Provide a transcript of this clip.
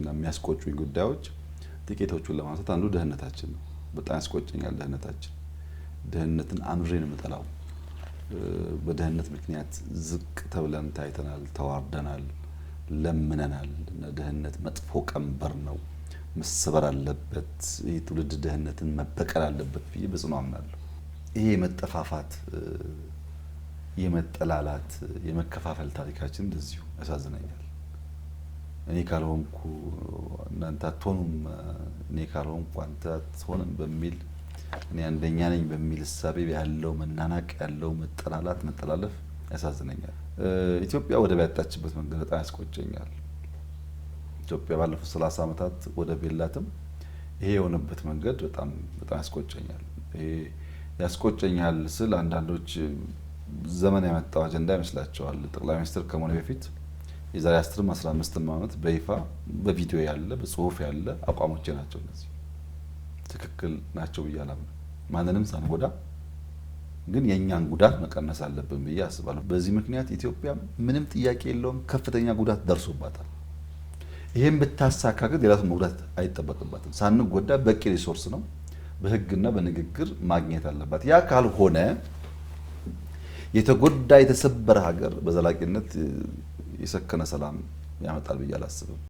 እና የሚያስቆጩኝ ጉዳዮች ጥቂቶቹን ለማንሳት አንዱ ደህንነታችን ነው። በጣም ያስቆጨኛል ደህንነታችን። ደህንነትን አምሬን ነው የምጠላው። ምክንያት ዝቅ ተብለን ታይተናል፣ ተዋርደናል፣ ለምነናል። ደህንነት መጥፎ ቀንበር ነው፣ መሰበር አለበት። ይህ ትውልድ ደህንነትን መበቀል አለበት ብዬ በጽኑ አምናለሁ። ይሄ የመጠፋፋት የመጠላላት፣ የመከፋፈል ታሪካችን እንደዚሁ ያሳዝነኛል። እኔ ካልሆንኩ እናንተ አትሆኑም፣ እኔ ካልሆንኩ አንተ አትሆንም በሚል እኔ አንደኛ ነኝ በሚል እሳቤ ያለው መናናቅ ያለው መጠላላት፣ መጠላለፍ ያሳዝነኛል። ኢትዮጵያ ወደብ ያጣችበት መንገድ በጣም ያስቆጨኛል። ኢትዮጵያ ባለፉት ሰላሳ ዓመታት ወደብ የላትም። ይሄ የሆነበት መንገድ በጣም በጣም ያስቆጨኛል። ይሄ ያስቆጨኛል ስል አንዳንዶች ዘመን ያመጣው አጀንዳ ይመስላቸዋል። ጠቅላይ ሚኒስትር ከመሆኔ በፊት የዛሬ 10 15 ዓመት በይፋ በቪዲዮ ያለ በጽሁፍ ያለ አቋሞቼ ናቸው። እነዚህ ትክክል ናቸው ብዬ አላምንም። ማንንም ሳንጎዳ ግን የእኛን ጉዳት መቀነስ አለብን ብዬ አስባለሁ። በዚህ ምክንያት ኢትዮጵያ ምንም ጥያቄ የለውም ከፍተኛ ጉዳት ደርሶባታል። ይህም ብታሳካ ግን ሌላ መጉዳት አይጠበቅባትም። ሳንጎዳ በቂ ሪሶርስ ነው በህግና በንግግር ማግኘት አለባት። ያ ካልሆነ የተጎዳ የተሰበረ ሀገር በዘላቂነት የሰከነ ሰላም ያመጣል ብዬ አላስብም።